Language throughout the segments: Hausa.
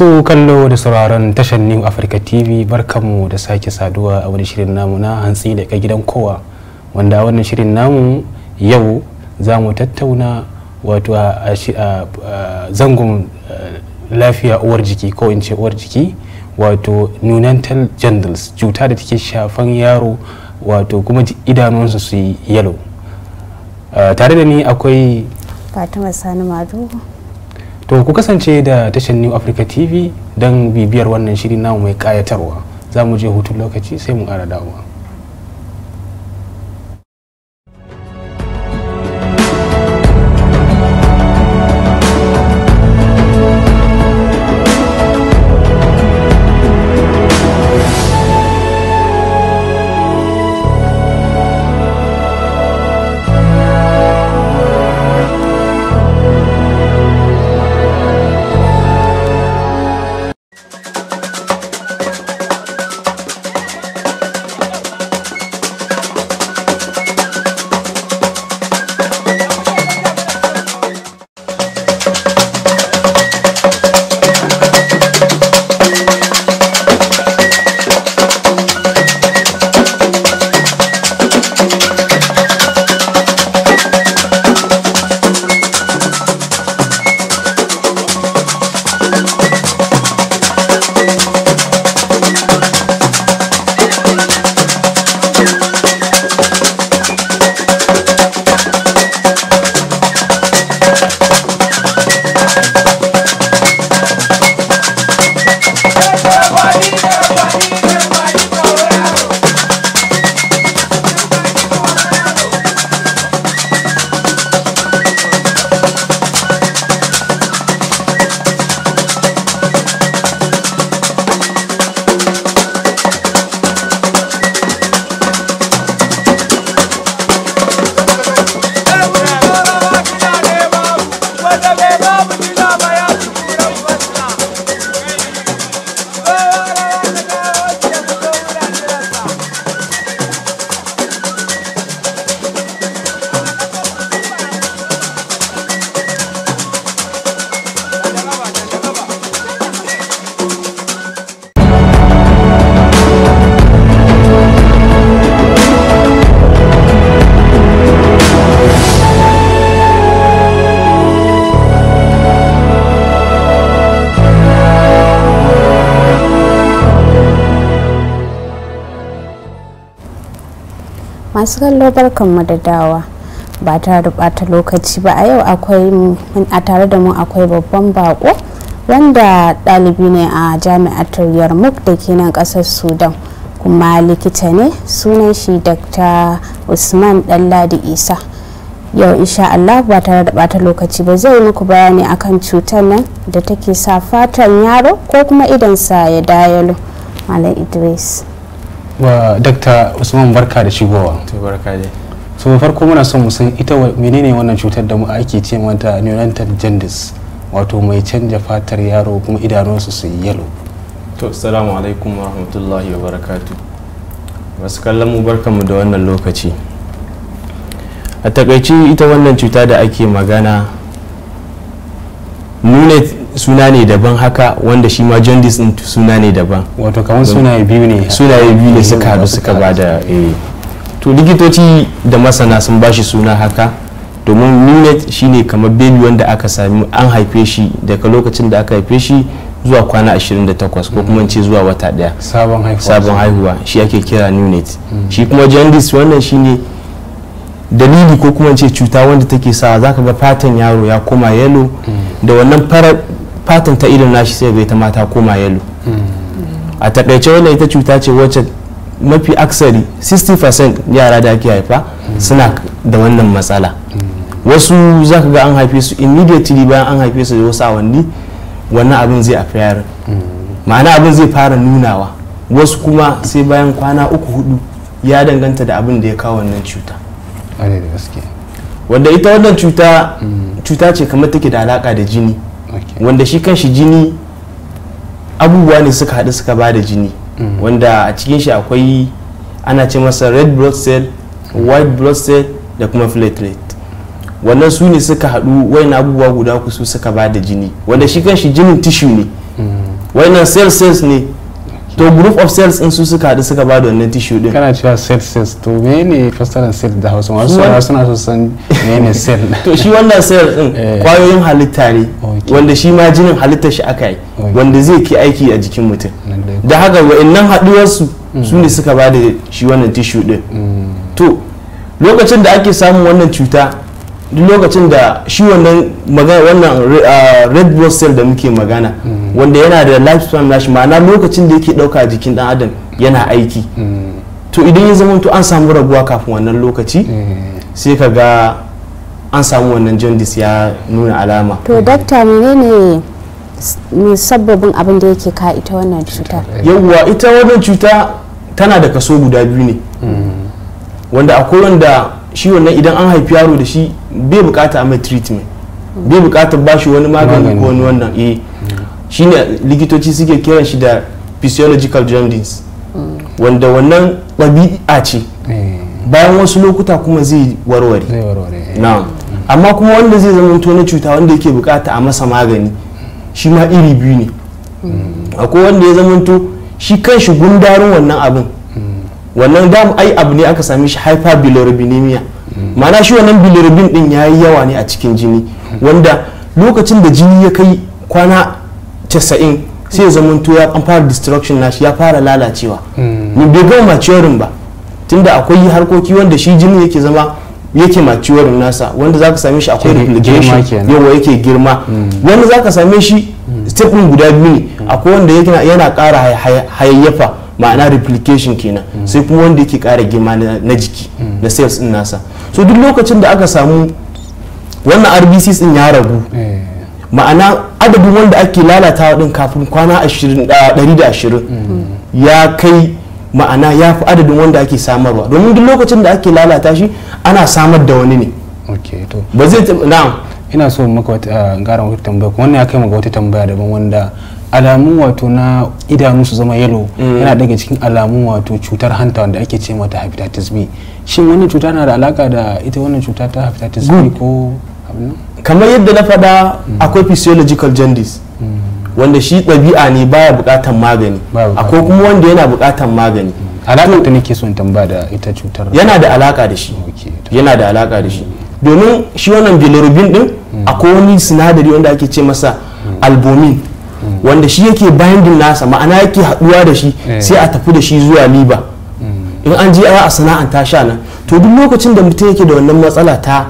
masu kallo da sauraron tashar new africa tv barkanmu da sake saduwa a wani shirin namu na hantsi da ka gidan kowa wanda wannan shirin namu yau za mu tattauna wato a zangon eh, lafiya uwar jiki ko in ce uwar jiki wato neonatal jandals cuta da take shafan yaro wato kuma idanunsu su yi yalo eh, tare da ni akwai fatima sani madu to ku kasance da tashar new africa tv don bibiyar wannan shirin namu mai kayatarwa za mu je hutun lokaci sai mu ara dawowa masu kallo barkan mu da dawa ba tare da bata lokaci ba a yau akwai a tare da mu akwai babban bako wanda ɗalibi ne a turiyar muk da ke nan ƙasar sudan kuma likita ne sunan shi dr usman ɗanladi isa yau insha Allah ba tare da bata lokaci ba zai muku bayani akan cutar nan da take sa fatan yaro ko kuma idansa ya dayalo malam idris wa dr usman barka da shigowa so farko muna son mu san ita menene wannan cutar da mu ake ce mata neonatal jaundice wato mai canja fatar yaro kuma idanunsu su yi yalo to assalamu alaikum wa rahmatullahi wa barakatu masu kallon mu da wannan lokaci a takaici ita wannan cuta da ake magana nuna suna ne daban haka wanda shi ma jaundice din suna ne daban wato kamar sunaye biyu ne sunaye biyu ne suka haɗu suka ba da eh. to likitoci da masana sun bashi suna haka domin shi ne kamar baby wanda aka sami an haife shi daga lokacin da aka haife shi zuwa kwana 28 ko kuma ce zuwa wata daya sabon haihuwa shi ake kira nunet hmm. shi kuma jaundice wannan shi ne dalili ko kuma ce cuta wanda take sa ka ga fatan yaro ya koma yalo hmm. da wannan farar fatan ta idon nashi sai bai ta mata koma yalo a takaice wannan ita cuta ce wacce mafi aksari 60% yara da ake haifa suna da wannan matsala wasu za ka ga an haife su immediately bayan an haife su da wasu awanni wannan abin zai a ma'ana abin zai fara nunawa wasu kuma sai bayan kwana uku hudu ya danganta da abin da ya kawo wannan cuta wadda ita wannan cuta mm. cuta ce kamar take da alaka da jini wanda shi kanshi jini abubuwa ne suka haɗu suka ba da jini mm. wanda a cikin shi akwai ana ce masa red blood cell white blood cell da kuma platelet wannan su ne suka haɗu wayan abubuwa guda kusur suka ba da jini wanda shi kanshi jinin tissue ne mm. wainan cell cells ne to group of cells in su suka haɗu suka ba da wannan tissue din kana cewa cell cells to mene fasaran cell da hausa wasu suna so san mene cell to shi wannan cell din eh. kwayoyin halitta ne wanda shi ma jinin halittar shi aka yi wanda zai ki aiki a jikin mutum da haka wa'annan haduwar su mm. su ne suka ba da shi wannan tissue din mm. to lokacin da ake samun wannan cuta duk lokacin da shi wannan wannan eh, red blood cell da muke magana mm. wanda yana da lifespan nashi ma'ana lokacin da yake dauka jikin dan adam yana aiki to idan ya zama to an samu raguwa kafin wannan lokaci sai ka ga an samu wannan jaundice ya nuna alama to dakta menene sababbin abin da yake ka ita wannan cuta yawwa ita wannan cuta tana da kaso guda biyu ne wanda akwai wanda shi wannan idan an haifi yaro da shi bai bukata a mai treatment bai bukatar ba shi wani magani ko wani wannan eh shine likitoci suke kiran shi da physiological jaundice wanda wannan ɗabi'a ce eh. bayan wasu lokuta kuma zai warware eh. amma kuma wanda zai zama na cuta wanda yake bukata a masa magani shi ma iri biyu ne hmm. akwai wanda ya zamanto shi kan shi gundarin wannan abin hmm. wannan dam ai abu ne aka sami shi hyperbilirubinemia mana hmm. shi wannan bilirubin din ya yi yawa ne a cikin jini wanda lokacin da jini ya kai kwana casa'in sai zamanto ya fara destruction nashi ya fara lalacewa ni bai gama maturing ba tunda akwai harkoki wanda shi jini yake zama yake maturing nasa wanda zaka same shi akwai replication yawa yake girma hmm. wanda zaka same shi stepin guda biyu ne hmm. akwai wanda yana kara hayayyafa ma'ana replication kenan hmm. sai kuma wanda yake kara girma na jiki na cells din nasa so duk lokacin da aka samu wannan rbc din ya ragu eh. ma'ana adadin wanda ake lalatawa din kafin kwana 120 ya kai ma'ana ya fi adadin wanda ake samarwa domin duk lokacin da ake lalata shi ana samar da wani ne ba zai na'am ina so maka wata gara wata tambaya kuma wannan ya kai maka wata tambaya daban wanda alamu wato na idanu su zama yalo mm. yana daga cikin alamu wato cutar hanta wanda ake ce mata hepatitis B shin wannan cuta na da alaka da ita wannan cuta ta hepatitis B ko abin kamar yadda na faɗa akwai physiological jaundice wanda shi ɗabi'a ne baya buƙatar magani akwai kuma wanda yana buƙatar magani alaƙar ta nake son tamba da ita cutar yana da alaƙa da shi yana da alaƙa da shi domin shi wannan bilirubin ɗin mm. akwai wani sinadari wanda ake ce masa mm. albumin mm. wanda shi yake binding nasa ma'ana yake haɗuwa da shi eh. sai a tafi da shi zuwa liba in an je a sana'anta sha nan to duk lokacin da mutum yake da wannan matsala ta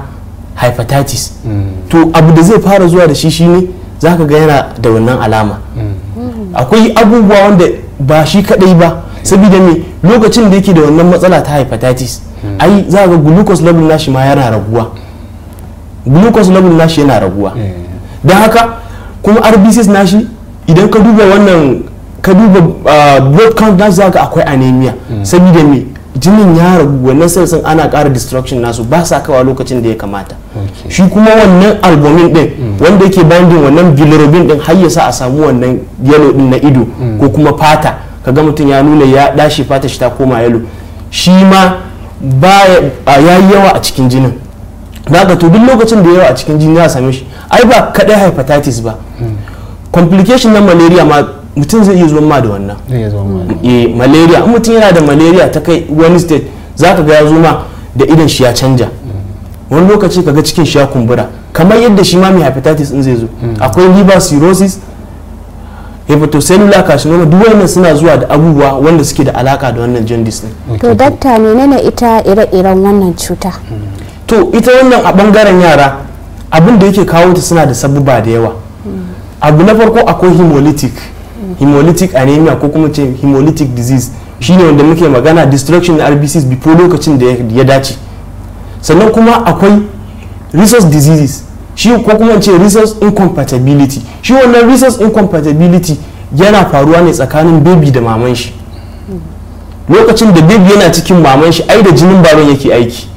hepatitis mm. to abu da zai fara zuwa da shi shine za ka ga yana da wannan alama mm. akwai abubuwa wanda ba shi kadai ba saboda me lokacin da yake da wannan matsala ta hepatitis mm. ai za ga glucose level nashi ma yana raguwa glucose level nashi yana raguwa don haka kuma rbcs nashi idan ka duba wannan ka duba ah, blood count nashi za ga akwai anemia saboda me jinin ya ragu wannan sassan ana kara destruction nasu ba sa kawa lokacin da ya kamata shi kuma wannan albumin din mm. wanda yake binding wannan bilirubin din har ya sa a samu wannan yellow din na ido mm. ko kuma fata kaga mutum ya nuna ya dashi fata shi ta koma yellow shi ma ba ya yi yawa a cikin jinin ga to duk lokacin da yawa a cikin jini a same shi ai ba kadai hepatitis ba mm. complication na malaria ma mutum zai iya zuwan ma da wannan eh, malaria in mutum yana da malaria ta kai wani state za ka ga ya zo da idan shi ya canja wani lokaci ka ga cikin shi ya kumbura kamar yadda shi ma mai hepatitis in zai zo hmm. akwai liver cirrhosis hepatocellular carcinoma duk wannan suna zuwa da abubuwa wanda suke da alaka da wannan jaundice ne to dakta menene ita ire-iren wannan cuta to ita wannan a bangaren yara abin da yake kawo ta suna da sabuba da yawa hmm. abu na farko akwai hemolytic hemolytic anemia ko kuma ce hemolytic disease shine wanda muke magana destruction rbcs bifo lokacin da ya dace sannan kuma akwai resource diseases shi ko kuma ce resource incompatibility shi wannan resource incompatibility yana faruwa ne tsakanin baby da maman shi lokacin da baby yana cikin maman shi ai da jinin baban yake aiki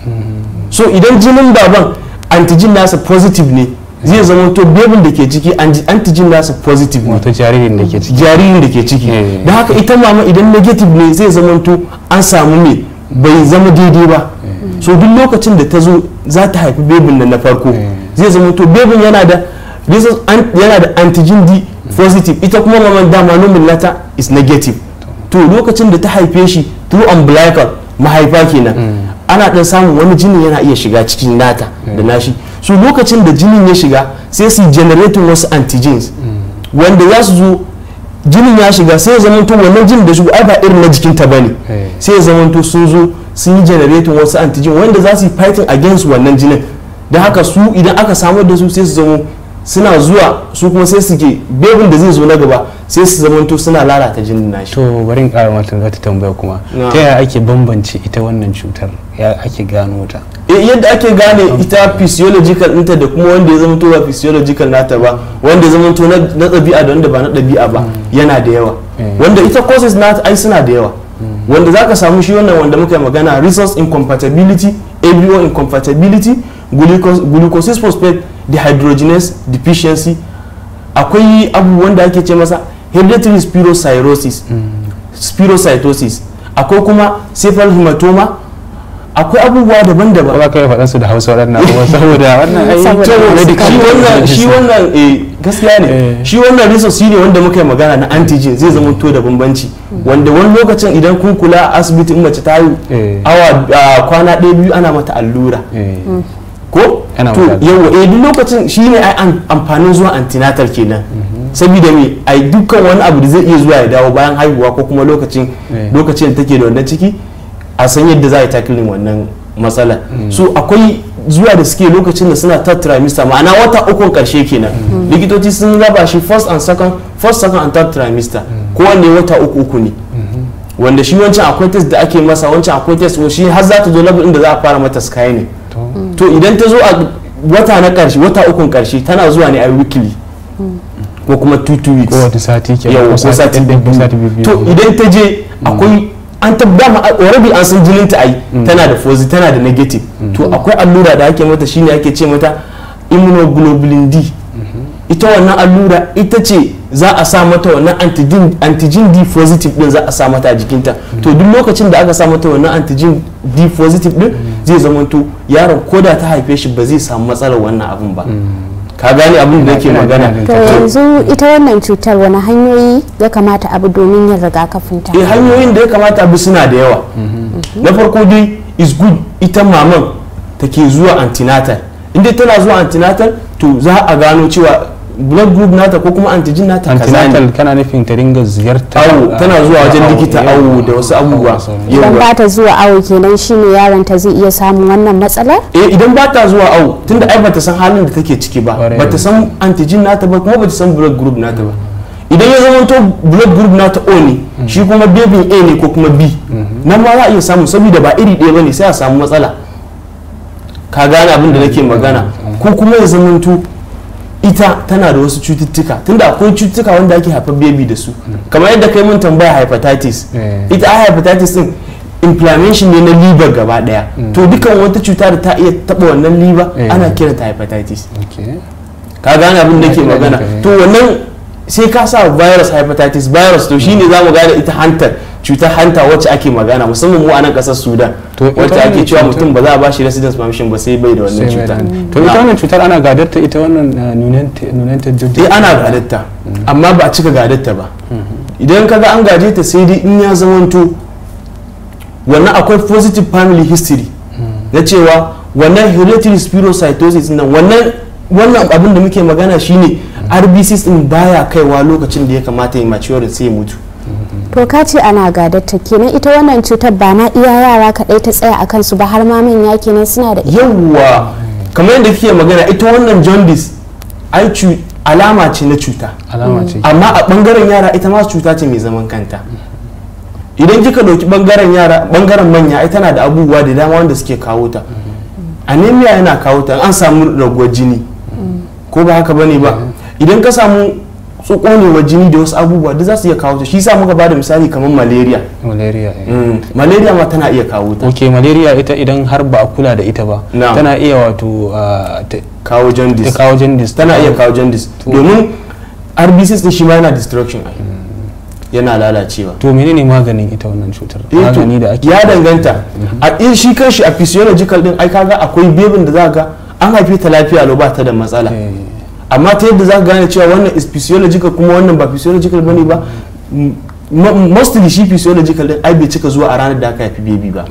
so idan jinin baban antigen nasa positive ne zai zama to bebin da ke ciki antigen nasu positive wato jaririn da ke ciki jaririn da ke ciki eh. da haka ita mama idan negative ne zai zama to an samu me bai zama daidai ba eh. so duk lokacin da ta zo za ta haifi bebin nan na farko eh. zai zama to bebin yana da yana da antigen d positive ita kuma maman dama nomin nata is negative to lokacin da ta haife shi through umbilical mahaifa kenan hmm. ana dan samun wani jini yana iya shiga cikin nata da hmm. nashi su lokacin da jinin ya shiga sai su generating wasu antigens mm. wanda za su zo jinin ya shiga sai ya zamanto wannan jinin da shiga ba irin na jikinta ba ne sai ya zamanto sun zo sun yi generating wasu antigen wanda za su yi fighting against wannan jinin da haka su idan aka samar da su sai su zamo suna zuwa su kuma sai su ke bebin da zai zo na gaba sai su zamanto suna lalata jinin nashi to bari in za ta tambaya kuma ta yaya ake bambance ita wannan cutar ya ake gano ta Eh, yadda ake gane ita physiological ɗinta da kuma wanda ya zamanto ba physiological nata ba wanda ya zamanto na ɗabi'a da wanda ba na ɗabi'a ba yana da yawa mm. wanda ita causes na ai suna da yawa mm. wanda zaka samu shi wannan wanda muka yi magana resource incompatibility abo incompatibility glucose phosphate dehydrogenase deficiency akwai abubuwan da ake ce masa hereditary spirocytosis mm. spirocytosis akwai kuma cephal hematoma akwai abubuwa daban-daban ba ka yi faɗan su da hausa waɗannan abubuwa saboda wannan shi wannan eh, gaskiya ne eh. shi wannan resource ne wanda muka yi magana na antigen zai hmm. zama to da bambanci wanda wani lokacin idan kun kula asibiti in mace ta yi eh. awa kwana ɗaya biyu ana mata allura hmm. ko to yawa eh duk lokacin shi ne ai amfanin zuwa antinatal kenan mhm. saboda me ai dukkan wani abu da zai iya zuwa ya dawo bayan haihuwa ko kuma lokacin lokacin da take da wannan ciki a san yadda za a yi takilin wannan matsala mm. so akwai zuwa da suke lokacin da suna third trimester ma'ana wata ukun karshe kenan mm. Mm. likitoci sun raba shi first and second first second and third trimester kowanne wata uku uku ne mm-hmm. wanda shi wancan akwai test da ake masa wancan akwai test shi har za ta zo level da za a fara mata sky ne to idan ta zo a wata na karshe wata ukun karshe tana zuwa ne a weekly ko kuma 2 2 weeks ko sati ke ko sati to idan ta je akwai an ma already an san jinin ta ai mm. tana da fozi tana da negative mm-hmm. to akwai allura da ake mata shine ake ce mata immunoglobulin D mm-hmm. ita wannan allura ita ce za a sa mata wannan antigen D positive din za a sa mata a jikinta mm-hmm. to duk lokacin da aka sa mata wannan antigen D positive din zai zamanto yaron koda ta haife shi ba zai samu matsalar wannan abin ba ka gane abin da nake magana to yanzu ita wannan cutar wani hanyoyi ya kamata abu domin yin rigakafin ta eh hanyoyin da ya kamata abu suna da yawa mhm. na farko dai is good ita maman take zuwa antinatal inda tana zuwa antinatal to za a gano cewa blood group nata ko kuma antigen nata antinatal kana nufin ta ringa ziyarta awo ah, tana zuwa wajen likita awo da wasu abubuwa idan ba ta zuwa awo kenan shine yaron ta zai iya samun wannan matsala eh idan ba ta zuwa awo tunda ai ba ta san halin da take ciki ba ba ta san antigen nata ba kuma ba ta san blood group nata ba idan ya zama to blood group nata O ne mm. shi kuma baby A ne ko kuma B mm-hmm. nan ba za a iya samu saboda ba iri ɗaya bane sai a samu matsala ka gane abin da nake magana mm-hmm. ko kuma ya to ita tana da wasu cututtuka tunda akwai cututtuka wanda ake haifar baby da su kamar yadda kai mun tambaya hepatitis eh. ita a hepatitis din inflammation ne na liver gaba daya mm. to dukan wata cuta da ta iya taba wannan liver eh. ana kira ta hepatitis ka gane abin da ke magana eh. to wannan sai ka sa virus hepatitis virus to shine za mu gane ita hantar cutar hanta wacce ake magana musamman mu a nan kasar sudan wacce ake cewa mutum ba za a bashi residence permission ba sai bai da wannan cuta to ita wannan cutar ana ta ita wannan uh, nunanta jirgin eh ana ta mm. amma ba a cika ta ba mm-hmm. idan kaga an gaje ta sai dai in ya zamanto wannan akwai positive family history mm. na cewa wannan hereditary spirocytosis nan wannan wannan abin da muke magana shine mm. rbc din baya kaiwa lokacin da ya kamata ya mature sai ya mutu to ka ce ana gadatta kenan ita wannan cutar ba na iya yara kaɗai ta tsaya a kansu ba har ma manya kenan suna da yawwa kamar yadda kike magana ita wannan jaundice ai alama ce na cuta amma a bangaren yara ita ma cuta ce mai zaman kanta idan kika ɗauki bangaren yara bangaren manya ai tana da abubuwa da dama wanda suke kawo ta anemia yana kawo ta an samu raguwar jini ko ba haka bane ba mm. idan ka samu su konewa jini da wasu abubuwa da za su iya kawo ta shi sa muka bada misali kamar malaria malaria eh. mm. malaria ma tana iya kawo ta ok malaria ita idan har ba a kula da ita ba tana iya wato ah, kawo jaundice kawo jaundice tana iya kawo jaundice domin rbcs din shi ma yana destruction yana lalacewa to menene maganin ita wannan cutar eh magani da ake ya danganta mhm. a in shi kanshi a physiological din ai kaga akwai bebin da za ga an haife ta lafiya lo ba ta da matsala eh, amma ta yadda za ka gane cewa wannan is physiological kuma wannan ba physiological bane ba mostly shi physiological din ai bai cika zuwa a ranar da aka haifi baby ba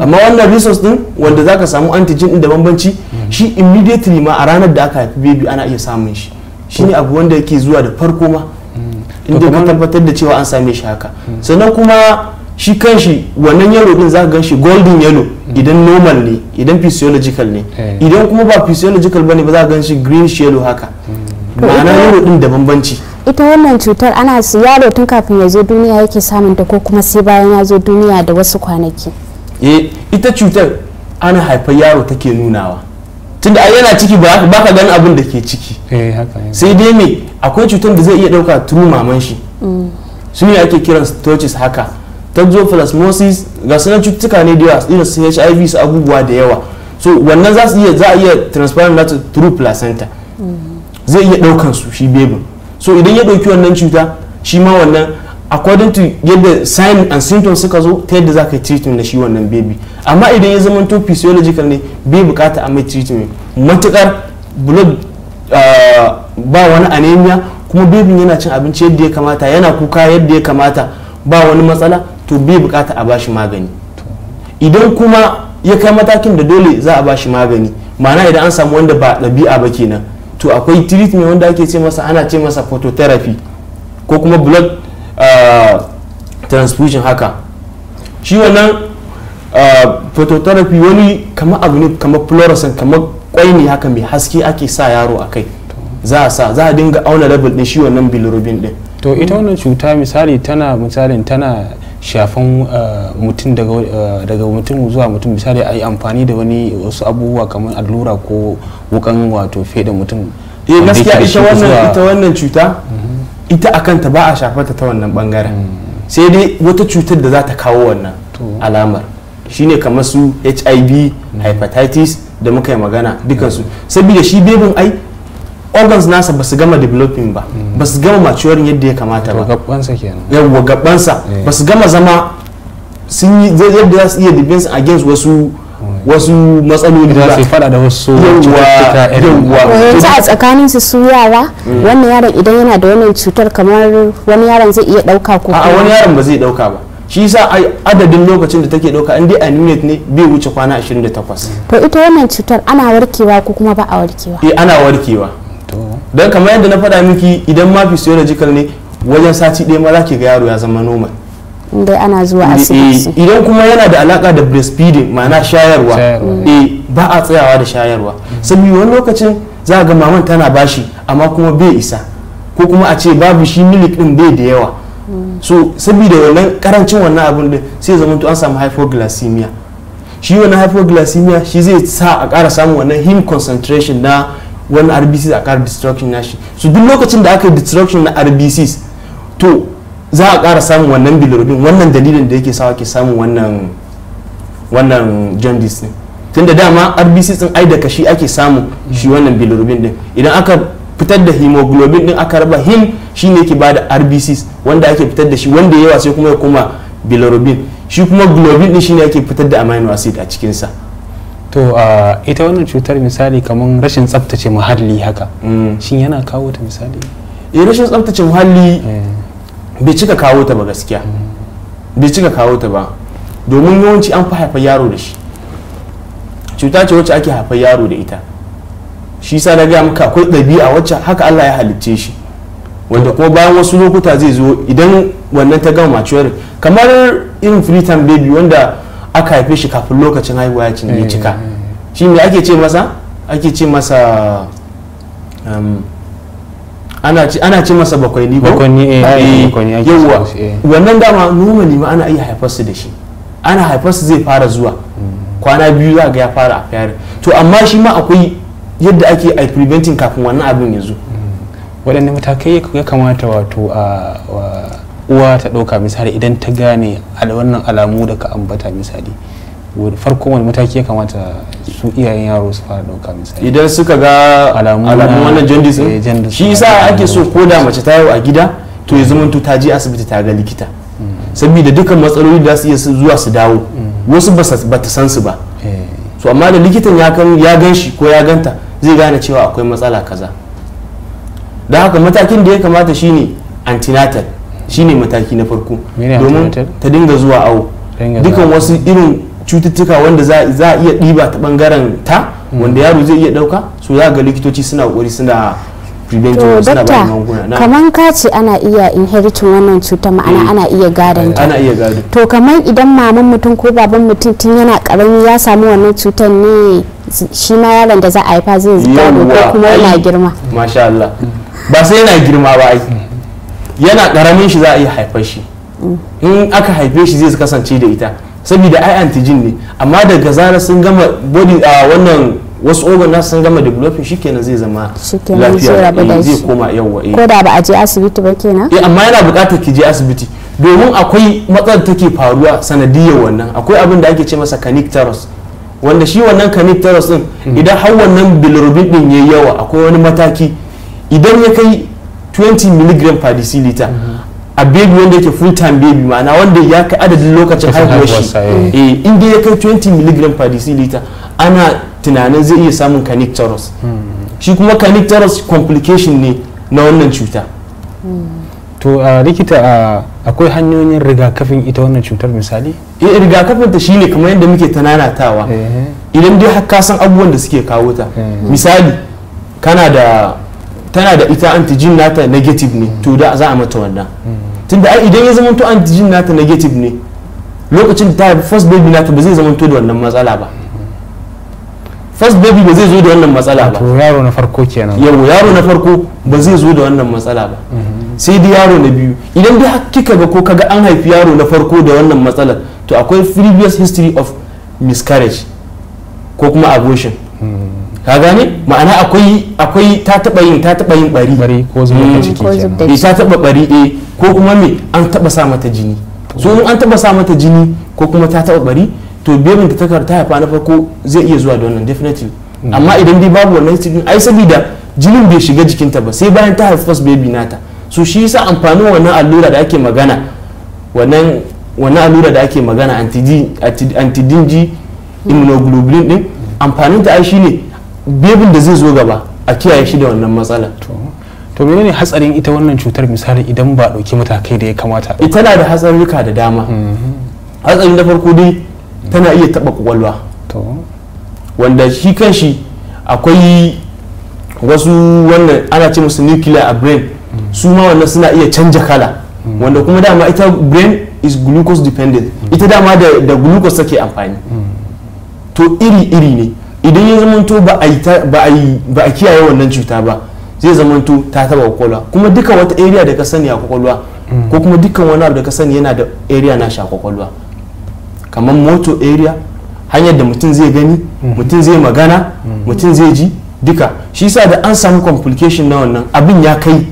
amma wannan resource din wanda za ka samu antigen din da bambanci hmm. shi immediately ma a ranar da aka haifi baby ana iya samun shi shi ne oh. abu wanda yake zuwa da farko ma hmm. inda ka tabbatar da cewa an same shi haka hmm. sannan kuma shi kanshi wannan yellow din za ka gan shi golden yellow mm. idan normal ne idan physiological ne eh. idan kuma ba physiological bane ba za ka gan shi green yellow haka mm. ma'ana yellow din da bambanci ita wannan cutar ana su yaro tun kafin ya zo duniya yake samun ta ko kuma sai bayan ya zo duniya da wasu kwanaki eh ita cutar ana haifa yaro take nunawa tunda ai yana ciki ba ka gani abin da ke ciki eh, sai dai me akwai cutar da zai iya dauka turu maman shi mm. su ne ake kiran stoches haka toxoplasmosis ga sanar cututtuka ne da yawa su hiv su abubuwa da yawa so wannan za su iya za a iya transparent that through placenta zai iya daukan su shi bebin so idan ya dauki wannan cuta shi ma wannan according to yadda sign and symptoms suka zo ta yadda za ka yi treatment da shi wannan baby amma idan ya zama to physiological ne bai bukata a mai treatment matukar blood ah, ba wani anemia kuma bebin yana cin abinci yadda ya kamata yana kuka yadda ya kamata ba wani matsala to bai bukata a bashi magani idan kuma ya kai matakin da dole za a bashi magani ma'ana idan an samu wanda ba ɗabi'a ba kenan to akwai treatment wanda ake ce masa ana ce masa phototherapy ko kuma blood ah, transfusion haka shi wannan ah, phototherapy wani kama abu ne kama fluorescent kama kwai ne haka mai haske ake sa yaro a kai za a sa za a dinga auna level din shi wannan bilirubin din to ita wannan cuta misali tana misalin tana shafan eh, mutum eh, daga mutum zuwa mutum misali a amfani da wani wasu abubuwa kamar allura ko wukan wato fede mutum eh gaskiya ita wannan ita wannan cuta mhm. ita akan ta ba a shafata ta wannan bangaren mm. sai dai wata cutar da za ta kawo wannan alamar shine kamar su hiv mm. hepatitis da muka yi magana dukansu mm. saboda shi bebin ai organs nasa ba su gama developing ba mm. ba su gama maturing yadda ya kamata ba gabansa kenan yawwa gabansa eh. ba su gama zama sun yi yadda za su iya defense against wasu mm. wasu matsaloli da su fada da wasu ta a tsakanin su su yara mm. wannan yaron idan yana da wannan cutar kamar wani yaron zai iya dauka ko a wani yaron ba zai dauka ba shi yasa adadin lokacin da take dauka in a animate ne bai wuce kwana 28 to ita wannan cutar ana warkewa ko kuma ba a warkewa eh ana warkewa don kamar yadda na faɗa miki idan ma physiological ne wajen sati ɗaya ma za ki ga yaro ya zama normal dai ana zuwa eh, asibiti eh, idan kuma yana da alaka da breastfeeding ma'ana shayarwa eh ba a tsayawa da shayarwa saboda wani lokacin za ga maman tana bashi amma kuma bai isa ko kuma a ce babu shi milik din bai da yawa so saboda wannan karancin wannan abin din sai zama to an samu hypoglycemia shi wannan hypoglycemia shi zai sa a ƙara samun wannan heme concentration na wani rbc a kara destruction na shi su duk lokacin da aka yi destruction na rbcs to za a kara samun wannan bilirubin wannan dalilin da yake sawa ke samun wannan wannan jaundice din da dama rbc din ai da kashi ake samu shi wannan bilirubin din idan aka fitar da hemoglobin din aka raba him ke ba bada rbcs wanda ake fitar da shi wanda yawa sai kuma ya koma bilirubin shi kuma globin din shine ake fitar da amino acid a cikinsa sa to ita wannan cutar misali kamar rashin tsabtace muhalli haka mm. shin yana kawo ta misali eh rashin tsabtace muhalli eh. bai cika kawo ta ba gaskiya mm. bai cika kawo ta ba domin yawanci an fi haifar yaro da shi cuta ce wacce ake haifar yaro da ita shi sa na gaya maka akwai ɗabi'a wacce haka Allah ya halicce shi wanda kuma bayan wasu lokuta zai zo idan wannan ta gama maturing kamar irin free time baby wanda aka haife shi kafin lokacin haihuwa ya cinye cika eh, eh, eh. shi me ake ce masa ake ce masa um, ana ce masa bakwai bakwaini ko yawwa wannan dama normally ma ana iya haifar su da shi ana haifar su zai fara zuwa mm. kwana biyu za ga ya fara a fayar to amma shi ma akwai yadda ake a preventing kafin wannan abin ya zo mm. waɗanne matakai ya kamata wato a uwa ta ɗauka misali idan ta gane wannan alamu da ka ambata misali farko wani mataki ya kamata su iyayen yaro su fara ɗauka misali idan suka ga alamu wannan eh, jaundice shi yasa ake so ko da mace ta yau a gida to ya zama ta je asibiti ta ga likita mm. saboda dukkan matsaloli da su iya zuwa su dawo mm. wasu ba ta san su ba eh. so amma da likitan ya kan ya gan shi ko ya ganta zai gane cewa akwai matsala kaza don haka matakin da ya kamata shine antinatal shine mataki na farko domin ta dinga zuwa awo dukan wasu irin cututtuka wanda za a iya ɗiba ta bangaren ta hmm. wanda yaro zai iya ɗauka so za ga likitoci suna ƙoƙari suna prevention suna ba kaman ka ce ana iya inheritin wannan cuta ma'ana hmm. ana iya gadon ta to kaman idan maman mutum ko baban mutum tun yana karami ya samu wannan cutar ne shi ma yaron da za a haifa zai gado ko kuma yana girma masha Allah ba sai yana girma ba ai hmm. yana karamin shi za a iya haifar shi mm. in aka haife shi zai kasance da ita saboda ai antigen ne amma daga zarar sun gama body a wannan wasu organ nasu sun gama shi shikenan zai zama lafiya zai eh, koma eh. ko da ba a je asibiti ba kenan eh amma yana bukatar ki je asibiti domin akwai matsalar take faruwa sanadiyar wannan akwai abin da ake ce masa canicterus wanda shi wannan canicterus din mm. idan har wannan bilirubin din yayi yawa akwai wani mataki idan ya kai 20 mg per deciliter a baby wanda yake full time baby ma'ana wanda ya kai adadin lokacin haihuwar shi eh. eh in dai ya kai 20 mg per deciliter ana tunanin zai iya samun canicterus hmm. shi kuma canicterus complication ne na wannan cuta hmm. to a ah, likita ah, akwai hanyoyin rigakafin ita wannan cutar misali eh rigakafin ta shine kamar yadda muke ta nanatawa eh. idan dai har ka san abubuwan da suke kawo ta eh. misali kana da tana da ita antigen nata negative ne to da za a mata wannan tunda ai idan ya zama to antigen nata negative ne lokacin da ta haifi first baby nata ba zai zama to da wannan matsala ba first baby ba zai zo da wannan matsala ba yaro na farko kenan yaro yaro na farko ba zai zo da wannan matsala ba mm-hmm. sai dai yaro na biyu idan dai kika ga ko kaga an haifi yaro na farko da wannan matsalar to akwai previous history of miscarriage ko kuma abortion mm-hmm. ka gane ma'ana akwai akwai ta taba yin ta taba yin bari bari ko zuwa mm. ciki kenan eh, ta taba bari eh ko kuma me an taba sa mata jini so in an taba sa mata jini ko kuma ta taba bari to bebin ta ta haifa na farko zai iya zuwa da wannan definitely mm. amma idan dai babu wannan cikin ai saboda jinin bai shiga jikin ta ba sai bayan ta haifi first baby nata so shi yasa amfanin wannan allura da ake magana wannan wannan allura da ake magana antidin ji immunoglobulin din amfanin ta ai shine bebin da zai zo gaba a kiyaye shi da wannan matsala. to menene hatsarin ita wannan cutar misali idan ba ɗauki matakai da ya kamata ita eh, na da hatsarurruka da dama mm-hmm. hatsarin da farko dai mm-hmm. tana iya taba kwakwalwa wanda shi kan shi akwai wasu wannan ana ce musu nuclear a brain mm-hmm. su ma wannan suna iya canja kala wanda kuma dama ita brain is glucose dependent ita dama da glucose take amfani to iri-iri ne idan ya zamanto ba a kiyaye wannan cuta ba zai zamanto ta taba kwakwalwa kuma duka wata area da ka sani a kwakwalwa mm. ko kuma dukkan wani abu da ka sani yana da area na shi a kwakwalwa kamar moto area hanyar da mutum zai gani mm. mutum zai magana mm. mutum zai ji duka shi sa da an samu complication na wannan abin ya kai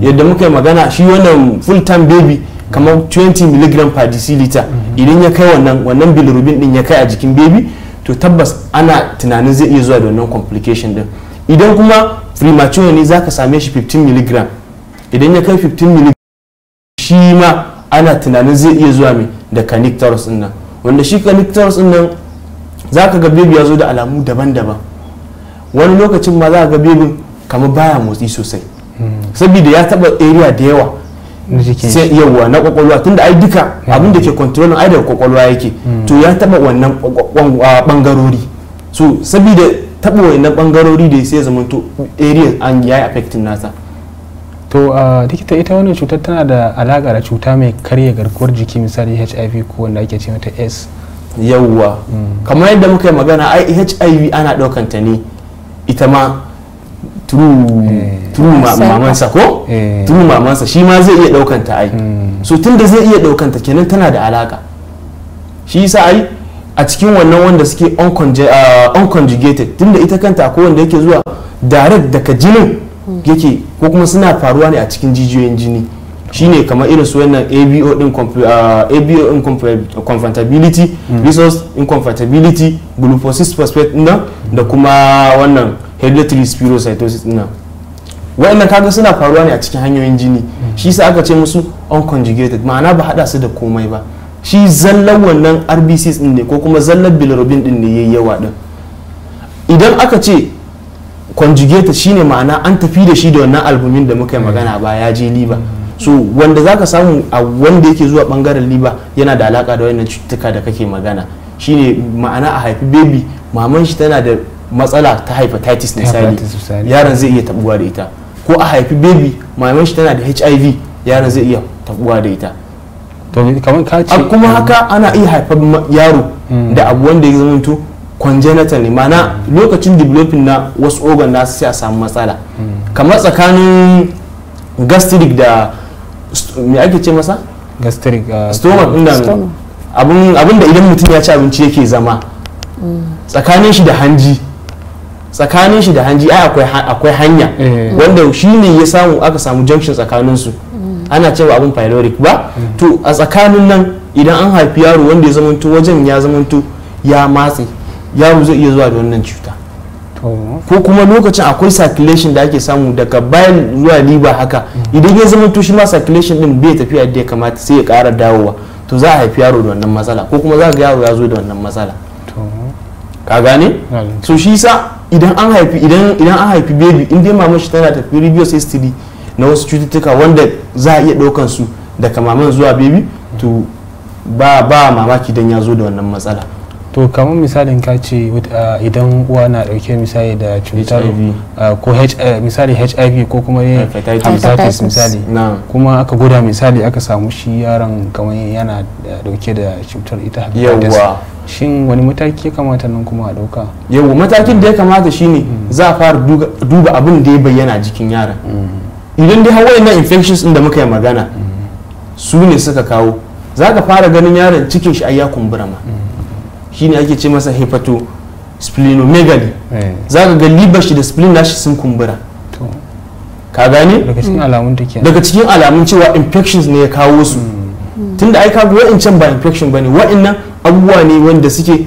yadda muka yi magana shi wannan full time baby kamar 20 mg per deciliter idan ya kai wannan wannan bilirubin din ya kai a jikin baby to tabbas ana tunanin zai iya zuwa da wannan complication din idan kuma premature ne zaka same shi 15 mg idan ya kai 15 mg shi ma ana tunanin zai iya zuwa mai da canicterus din nan wanda shi canicterus din nan zaka ga baby ya zo da alamu daban-daban wani lokacin ma za ga baby kamar baya motsi sosai hmm. saboda ya taba area da yawa sai yawa na kwakwalwa tunda ai duka abin da ke controlling ai daga kwakwalwa yake to ya taba wannan bangarori so saboda taba wannan bangarori da sai zama to area an yayi affecting nasa to likita ita wannan cutar tana da alaƙa da cuta mai karya garkuwar jiki misali hiv ko wanda ake ce mata yawwa mm. kamar yadda muka yi magana hiv ana ɗaukanta ne ita ma turu eh. mamansa ko eh. turu mamansa shi ma zai iya daukanta ai hmm. so tunda zai iya ɗaukanta kenan tana da alaka shi yasa ai a cikin wannan wanda suke ah, unconjugated tunda ita kanta ko wanda yake zuwa direct daga jinin hmm. yake ko kuma suna faruwa ne a cikin jijiyoyin jini shine kamar irin su wannan abo din abo ah, din confrontability hmm. resource incompatibility glucose phosphate da kuma wannan hereditary spirocytosis ina waɗannan kaga suna faruwa ne a cikin hanyoyin jini shi sa aka ce musu unconjugated ma'ana ba haɗa su da komai ba shi zallan wannan rbcs ɗin ne ko kuma zallan bilirubin din ne yayi yawa din idan aka ce conjugated shine ma'ana an tafi da shi da wannan albumin da muka yi magana ba ya je liba so wanda zaka samu a wanda yake zuwa bangaren liba yana da alaka da wannan cututtuka da kake magana shine ma'ana a haifi baby maman shi tana da matsala ta hepatitis sani yaron zai iya tabuwa da ita ko a haifi baby maman shi tana da hiv yaron zai iya tabuwa da ita kuma haka ana iya haifar yaro hmm. da abu wanda ya zamanto congenital ne mana lokacin developing na wasu organ nasu sai a samu matsala hmm. kamar tsakanin gastric da me ake ce masa gastric uh, stomach inda abin da idan mutum ya ci abinci yake zama hmm. tsakanin shi da hanji tsakanin shi da hanji ai akwai hanya eh. wanda shi ne ya samu aka samu junction tsakanin su ana cewa abin pyloric ba mm. to a tsakanin nan idan an haifi yaro wanda ya zamanto wajen ya zamanto ya matse yaro zai iya zuwa da wannan cuta ko kuma lokacin akwai circulation da ake samu daga bayan zuwa liver haka mm. idan ya zamanto shi ma circulation din bai tafiya da ya kamata sai ya kara dawowa to za a haifi yaro da wannan matsala ko kuma za ga yaro ya zo da wannan matsala ka gane so shi sa idan an haifi idan idan an haifi baby in dai maman shi tana tafi previous history na wasu cututtuka wanda za a iya ɗaukan su daga maman zuwa baby to ba ba mamaki dan ya zo da wannan matsala to kamar misalin ka ce uh, idan uwa na dauke misali da cutar uh, ko uh, misali hiv ko kuma hepatitis misali kuma aka guda misali aka samu shi yaron kamar yana dauke da cutar ita hepatitis shin wani mataki ya kamata nan kuma a dauka yau matakin da ya kamata shine mm. za a fara duba abin da ya bayyana jikin yaron mm. idan dai hawa na infections din da muka yi magana mm. su ne suka kawo za ka fara ganin yaron cikin shi ai ya kumbura ma shine ake ce masa hepato splenomegaly eh. za ka ga liver shi da spleen nashi sun kumbura ka gane daga cikin mm. alamun daga cikin alamun cewa infections ne ya kawo su mm. Mm. tunda ai kaga wa'ancan ba infection bane wa'annan abubuwa ne wanda suke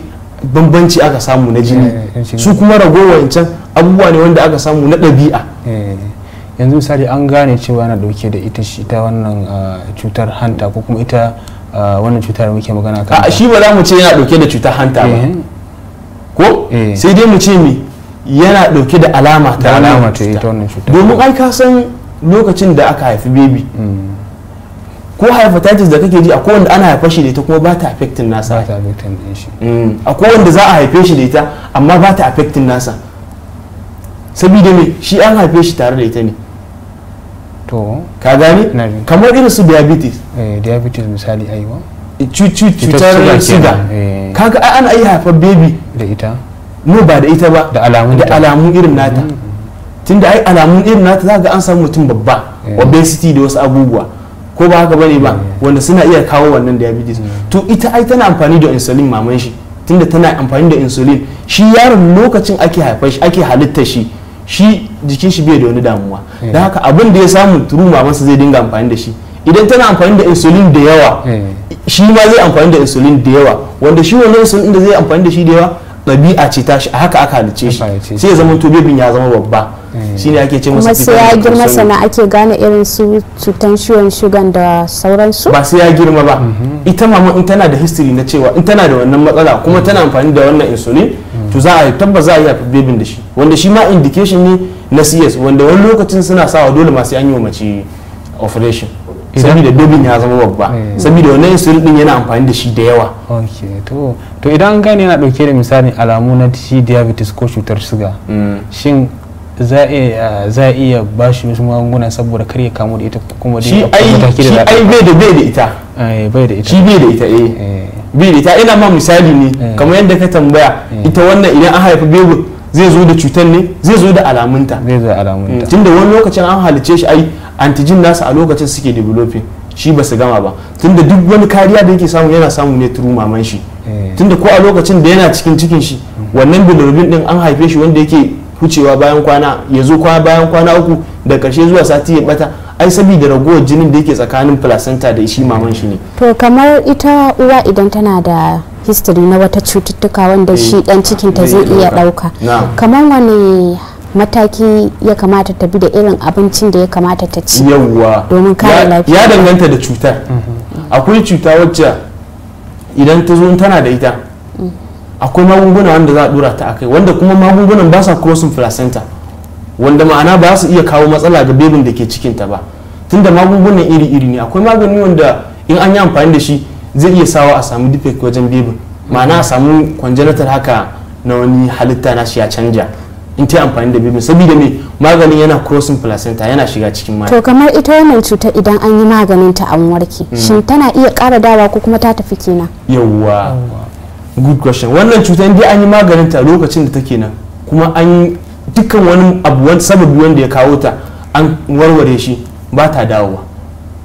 bambanci aka samu na jini eh, eh, su kuma rago wa'ancan abubuwa ne wanda aka samu na ɗabi'a yanzu misali an gane cewa na dauke da ita shi ta wannan ah, cutar hanta ko kuma ita Ah, wannan cuta da muke magana kan shi ba za mu ce yana dauke da cutar hanta ba eh. ko eh. sai dai mu ce mi yana dauke da alama ta wannan cuta domin ai ka san lokacin da aka haifi baby mm. ko hepatitis da kake ji akwai wanda ana haifa shi da ita kuma ba ta affecting nasa ba ta affecting din shi mm. akwai wanda za a haife shi da ita amma ba ta affecting nasa sabida me shi an haife shi tare da ita ne to ka gani kamar irin su diabetes eh diabetes misali aiwa eh, cutar suga. kaga eh. ai ana iya haifar baby da ita no ba da ita ba da alamun da alamun irin nata mm-hmm. tunda ai alamun irin nata za ga an samu mutum babba eh. obesity da wasu abubuwa ko ba haka bane ba wanda suna iya kawo wannan diabetes mm. to ita ai tana amfani da insulin maman shi tunda tana amfani da insulin shi yaron lokacin ake haifar shi ake halittar shi shi jikin shi bai da wani damuwa eh. da haka abin da ya samu turu mamansa zai dinga amfani da shi idan tana amfani da insulin da yawa eh. shi ma zai amfani da insulin da yawa wanda shi wani insulin da zai amfani da shi da yawa ɗabi'a ce ta shi a haka aka halice shi sai ya zama to ya zama babba eh. shine ake ce masa sai ya girma sana ake gane irin su cutan ciwon shugan da sauransu ba sai ya girma ba mhm. ita mama in tana da history na cewa in tana da wannan matsala kuma tana amfani da wannan insulin to za a tabba za a yi a bebin da shi wanda shi ma indication ne na cs wanda wani lokacin suna sawa dole masu an yi wa mace operation saboda bebin ya zama babba eh. saboda wannan insulin din yana amfani da shi da yawa to idan gane yana dauke da misalin alamu na shi diabetes ko cutar suga hmm. shin za a iya ba shi wasu magunguna saboda kar ya kamu da ita kuma da mataki shi ai da eh, bai da ita shi bai da ita eh, eh. bai da ta ina ma misali ne eh. kamar yadda ka tambaya eh. ita wannan idan an haifi bebu zai zo da cutar ne zai zo da alamunta tun da eh, wani lokacin an halice shi ai antijin nasa a lokacin suke developing shi ba su gama ba tun da duk wani kariya da yake samu yana samu ne turu maman shi da ko a lokacin da yana cikin cikin shi mm. wannan bilirubin din an haife shi wanda yake hucewa bayan kwana ya zo bayan kwana uku da karshe zuwa sati ya bata ai saboda ragowar jinin da yake tsakanin placenta da shi maman shi ne to kamar ita uwa idan tana da history na wata cututtuka wanda shi dan eh, cikin ta zai iya dauka kamar wani mataki ya kamata ta bi da irin abincin da ya kamata ta ci yawwa domin kare lafiya ya danganta da cutar mm-hmm. akwai cuta wacce idan ta zo tana da ita mm. akwai magunguna wanda za a dura ta akai wanda kuma magungunan ba sa crossing placenta wanda ma'ana ba su iya kawo matsala ga bebin da ke cikinta ba tunda magungunan iri-iri ne akwai magani wanda in an yi amfani da shi zai iya sawa a samu defect wajen bebin ma'ana a samu congenital haka na wani halitta na shi ya canja in ta amfani da bebin saboda me maganin yana crossing placenta yana shiga cikin mai to kamar ita wannan cuta idan an yi maganin ta an warke hmm. shin tana iya ƙara dawa ko kuma ta tafi kenan yawwa good question wannan cutar in dai an yi maganin ta lokacin da take nan kuma an dukkan wani abu wani sababi wanda ya kawo ta an warware shi ba ta dawowa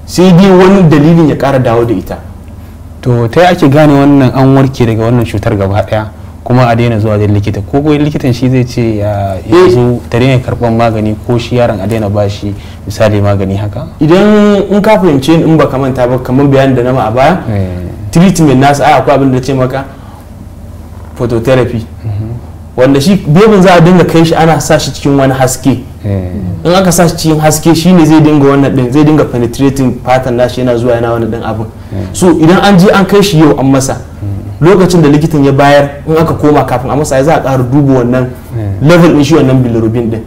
sai dai wani dalilin ya kara dawo da ita to ta yi ake gane wannan an warke daga wannan cutar gaba daya kuma a daina zuwa da likita ko kuma likitan shi zai ce ya zo ta daina karban magani ko shi yaron a daina bashi misali magani haka idan in ka fahimce in ba ka manta ba kamar bayan da na ma a baya eh. treatment nasu a akwai abin da ce maka phototherapy mhm. wanda shi bebin za a dinga kai shi ana sa shi cikin wani haske eh. in aka sa shi cikin haske shi ne zai dinga wannan din zai dinga penetrating fatan nashi yana zuwa yana wani din abin eh. so idan an je an kai shi yau an masa hmm. lokacin da likitan ya bayar in aka koma kafin a masa ya za a ƙara duba wannan eh. level din shi wannan bilirubin din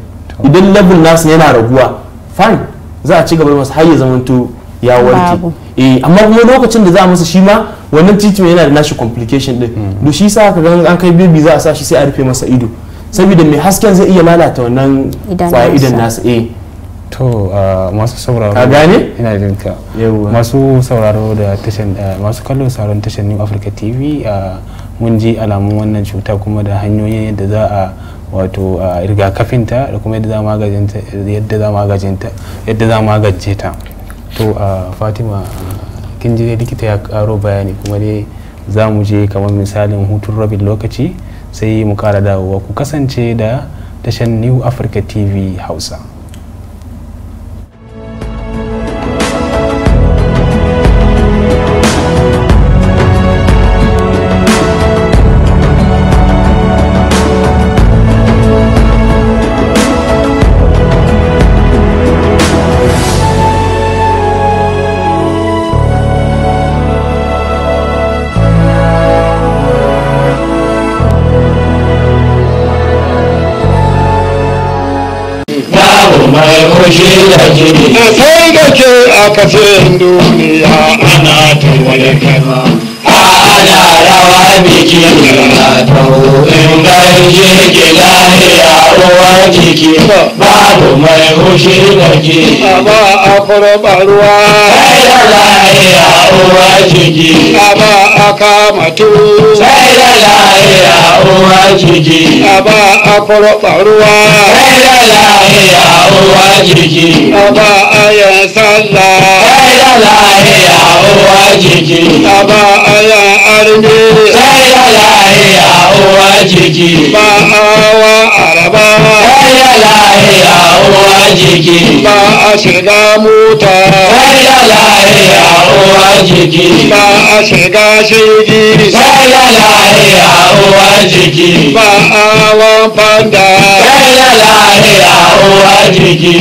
idan level nasu yana raguwa fine za a ci gaba masa har ya zamanto ya warke eh amma kuma lokacin da za a masa shi ma wannan treatment yana da nashi complication din hmm. to shi sa ka ga an kai baby za a sa shi sai a rufe masa ido saboda mai hasken zai iya lalata wannan kwaya idan nasa eh to ah, masu sauraro ka gane ina jin ka masu sauraro da tashin ah, masu kallo sauran tashin New Africa TV ah, mun ji alamun wannan cuta kuma da hanyoyin yadda za a wato rigakafinta da kuma yadda za magajinta yadda za magajinta yadda za magance ta to a fatima kin ji likita ya karo bayani kuma dai za mu je kamar misalin hutun rabin lokaci sai mu kara dawowa ku kasance da tashan new africa tv hausa da kai da ke a kafin duniya ana ta wani kama ana biki matau ki lahiya ruwa ba a kurba ruwa sai ba a kama tu sai da lahiya ruwa jiki ba a kurba ruwa sai da lahiya ruwa jiki ba a yin sallah sai da lahiya ruwa arne sai da lahiya uwa jiki ba awa araba sai da lahiya uwa jiki ba a shiga mota sai da lahiya uwa jiki ba a shiga shirgi sai da lahiya uwa jiki ba awa fanda sai da lahiya uwa jiki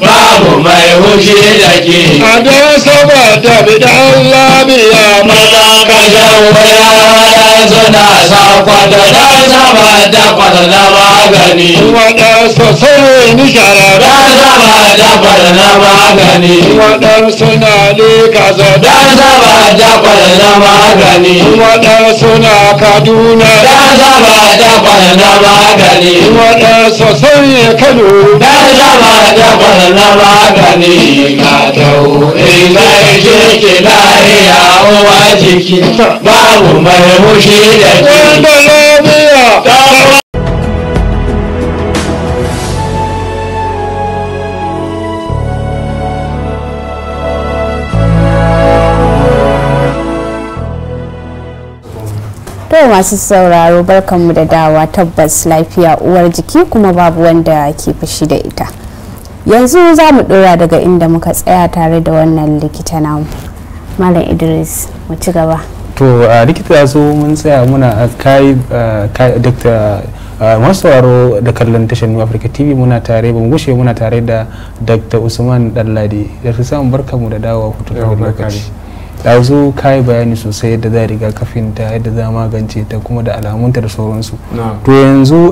babu mai hushe da ke ado saboda bidan labiya maza ka shawaya suna sa kwada da sama da kwada na magani waɗansu sun ni shara da sama da kwada na magani waɗansu na lika zo da sama da kwada na magani waɗansu suna kaduna da zama da kwanana magani waɗansu sun yi kano da zama da kwanana magani ka tau ilai eh, jiki lahiya uwa jiki babu mai hushi da ke To masu sauraro barkanmu da dawa tabbas lafiya uwar jiki kuma babu wanda ke fushi da ita. Yanzu za mu ɗora daga inda muka tsaya tare da wannan likita namu. Malam Idris mu ci gaba. To likita su mun tsaya muna kai Dr. sauraro da kallon tashar new africa tv muna tare ban gushe muna tare da dr usman dalladi da su samun barkanmu da dawa hutu lokaci yanzu ka yi bayani sosai yadda za a riga kafin ta yadda za a magance ta kuma da alamunta da sauransu to yanzu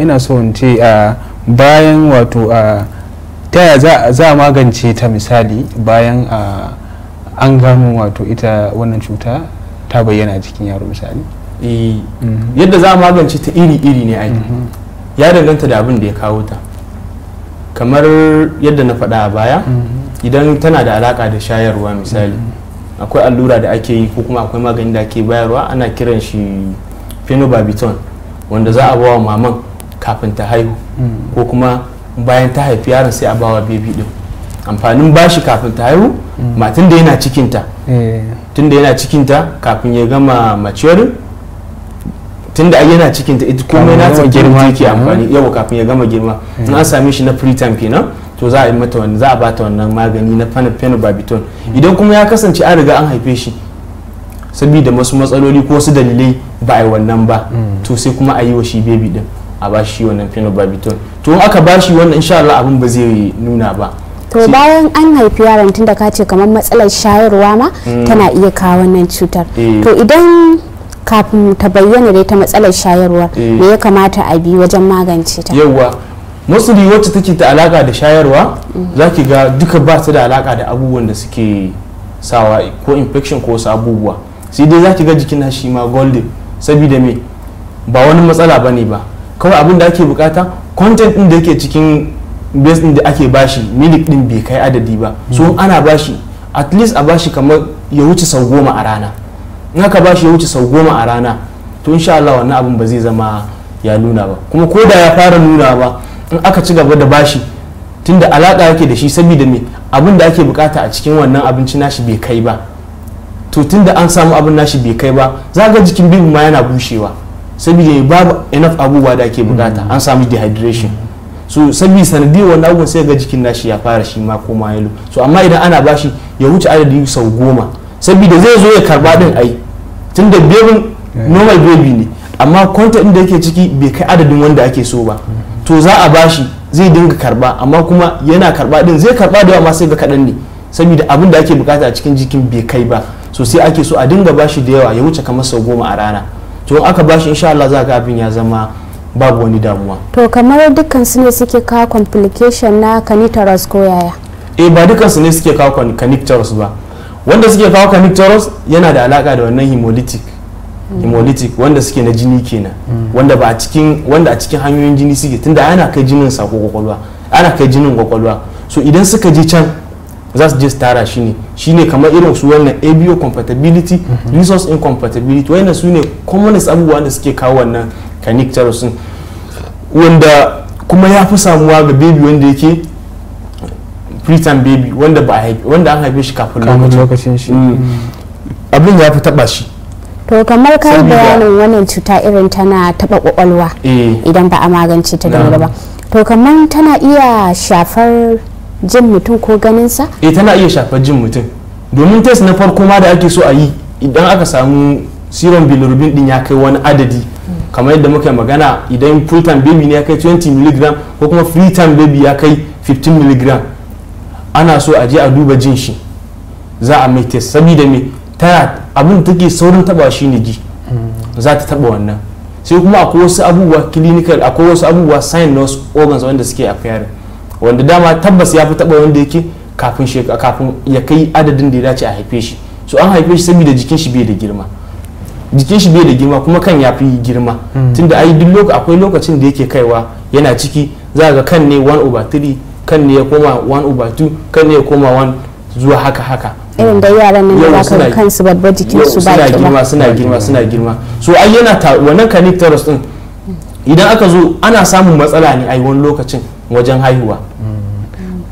ina so in ce bayan wato ta yaya za a magance ta misali bayan an gano wato ita wannan cuta ta bayyana a cikin yaro misali eh, mhm. yadda za a magance ta iri-iri ne aiki mhm. ya danganta da abin da ya kawo ta kamar yadda na faɗa a baya mhm. idan tana da alaƙa da shayarwa misali akwai allura da ake yi ko kuma akwai magani da ake bayarwa ana kiran shi phenobarbital wanda za a bawa maman kafin ta haihu ko kuma bayan ta haifi yaron sai a bawa baby din amfanin bashi kafin ta haihu mm. matun da yana cikinta eh. tun da yana cikinta kafin ya gama maturing tun da yana cikinta ita komai na ta girma yake amfani yau kafin ya gama girma eh. na sami shi na free time kenan to za a yi mata wani za a bata wannan magani na phenobarbital idan kuma ya kasance an riga an haife shi saboda wasu matsaloli ko wasu dalilai ba a yi wannan ba to sai kuma a yi wa shi bebi din a ba shi wannan phenobarbital to in aka ba shi wannan insha Allah abin ba zai nuna ba to bayan an haifi yaron tun da ka ce kamar matsalar shayarwa ma mm. tana iya kawo wannan cutar eh. to idan kafin ta bayyana dai ta matsalar shayarwa eh. me ya kamata a bi wajen magance ta yawwa matsuri wacce take ta alaka da shayarwa mm. za ki ga duka ba ta da alaka da abubuwan da suke sawa ko infection ko wasu abubuwa sai dai za ki ga jikin shi ma golden saboda me ba wani matsala ba ne ba kawai abin da ake bukata content din da yake cikin base din da ake bashi milik din bai kai adadi ba so mm. ana bashi at least a bashi kamar ya wuce sau goma a rana in aka bashi ya wuce sau goma a rana to insha Allah wannan abin ba zai zama ya nuna ba kuma ko da ya fara nuna ba in aka ci gaba da bashi tunda alaka yake da shi saboda me abin da ake bukata a cikin wannan abinci nashi bai kai ba to tunda an samu abin nashi bai kai ba za ga jikin bibin ma yana bushewa saboda babu enough abubuwa da ake bukata an samu dehydration so sabi sanadiyar wannan abubuwan sai ga jikin nashi ya fara shi ma koma yalo so amma idan ana bashi ya wuce adadi sau goma saboda zai zo ya karba din ai tunda bebin normal baby ne amma kwanta inda yake ciki bai kai adadin wanda ake so ba to za a bashi zai dinga karba amma kuma yana karba din zai karba da yawa sai ga kaɗan ne saboda abin da ake bukata a cikin jikin bai kai ba so sai ake so a dinga bashi da yawa ya wuce kamar sau goma a rana to aka bashi insha Allah za ga abin ya zama babu wani damuwa to kamar dukkan su ne suke kawo complication na canitaros ko yaya eh ba dukkan su ne suke kawo canitaros ba wanda suke kawo canitaros yana da alaka da wannan hemolytic Mm. hemolytic wanda suke na jini kenan mm. wanda ba a cikin wanda a cikin hanyoyin jini suke tunda ana kai jinin sako kwakwalwa ana kai jinin kwakwalwa so idan suka je can za su je su tara shi ne shi ne kamar irin su wannan ABO compatibility mm-hmm. resource incompatibility wanda su ne commonest abubuwa da suke kawo wannan canic terrorism wanda kuma ya fi samuwa ga baby wanda yake preterm baby wanda ba wanda an haife shi kafin lokacin shi mm. abin ya fi taba shi to kamar kai bayanin wannan cuta irin tana taba kwakwalwa eh. idan ba a magance ta da ba to kamar tana iya shafar jin mutum ko ganin sa. eh tana iya shafar jin mutum domin test na farko ma da ake so a yi idan aka samu serum bilirubin din ya kai wani adadi kamar yadda muka magana idan full time baby ne ya kai 20 mg ko kuma free time baby ya kai 15 mg ana so a je a duba jin shi za a mai test saboda me tana abin da take saurin taba shi ne ji za ta taba wannan sai kuma akwai wasu abubuwa clinical akwai wasu abubuwa sign na organs wanda suke appearing wanda dama tabbas ya fi taba wanda yake kafin kafin ya kai adadin da ya dace a haife shi so an haife shi saboda jikin shi bai da girma jikin shi bai da girma kuma kan ya fi girma hmm. tunda ai duk lokacin akwai lokacin da yake kaiwa yana ciki za ga kan ne 1 over 3 kan ne ya koma 1 over 2 kan ne ya koma 1 zuwa haka haka irin da yaran nan da ka kansu babba jikin su ba suna girma suna girma suna girma so ai yana ta wannan connectors din idan aka zo ana samun matsala ne ai wani lokacin wajen haihuwa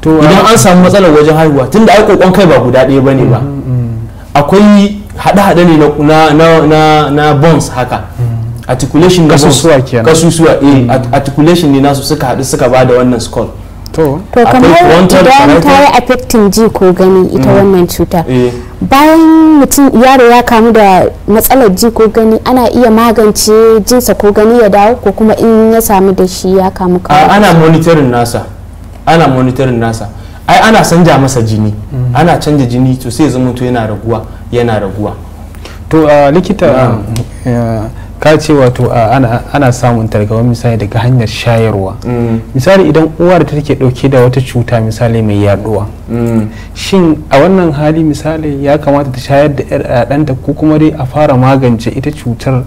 to idan an samu matsala wajen haihuwa tunda ai kokon kai ba guda ɗaya bane ba mm, mm, mm. akwai hada-hada ne na na na na bones haka articulation na kasusuwa kenan kasusuwa eh articulation ne nasu suka hadu suka bada wannan skull to kamar idan ta yi affecting ji ko gani ita mm. wannan cuta eh. bayan mutum yaro ya kamu da matsalar ji ko gani ana iya magance jinsa ko gani ya dawo ko kuma in ya samu da shi ya kamu kawai ana monitorin nasa ana monitorin nasa ai ana sanja masa jini mm. ana canja jini to sai zama to yana raguwa yana raguwa to likita ka ce wato ana samun targawa misali daga hanyar shayarwa mm. misali idan uwa da take dauke da wata cuta misali mai yaduwa mm. shin a wannan hali misali ya kamata ta shayar da ɗanta ko kuma dai a fara magance ita cutar